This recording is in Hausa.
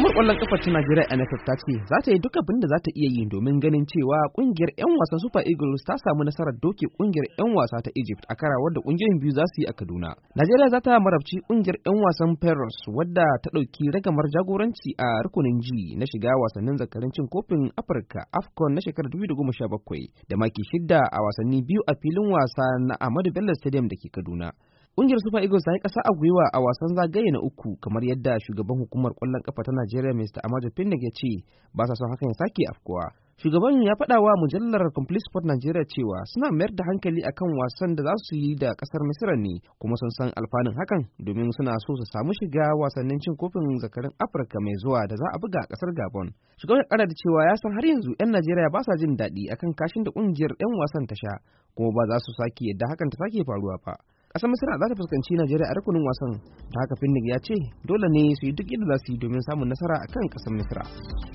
hukumar kwallon kafa ta Najeriya NFF ta ce za ta yi duk abin da za ta iya yi domin ganin cewa kungiyar 'yan wasan Super Eagles ta samu nasarar doke kungiyar 'yan wasa ta Egypt a karawar da kungiyoyin biyu za su yi a Kaduna. Najeriya za ta marabci kungiyar 'yan wasan Peros wadda ta ɗauki ragamar jagoranci a rukunin ji na shiga wasannin zakarin cin kofin Afirka AFCON na shekarar 2017 da maki shidda a wasanni biyu a filin wasa na Ahmadu Bello Stadium da ke Kaduna. Ƙungiyar Super Eagles ta yi ƙasa a gwiwa a wasan zagaye na uku kamar yadda shugaban hukumar kwallon ƙafa ta Najeriya Mr. Amadu Pinnick ya ce ba sa son hakan ya sake afkuwa. Shugaban ya faɗa wa mujallar Complete Sport Nigeria cewa suna mayar da hankali akan wasan da za su yi da kasar Misira ne kuma sun san alfanun hakan domin suna so su samu shiga wasannin cin kofin zakarin Afirka mai zuwa da za a buga a ƙasar Gabon. Shugaban ya ƙara da cewa ya san har yanzu 'yan Najeriya ba sa jin daɗi akan kashin da ƙungiyar 'yan wasan ta sha kuma ba za su sake yadda hakan ta sake faruwa ba. ƙasar misira za ta fuskanci najeriya a rukunin wasan ta haka finnick ya ce dole ne su yi duk inda za su yi domin samun nasara a kan ƙasar misira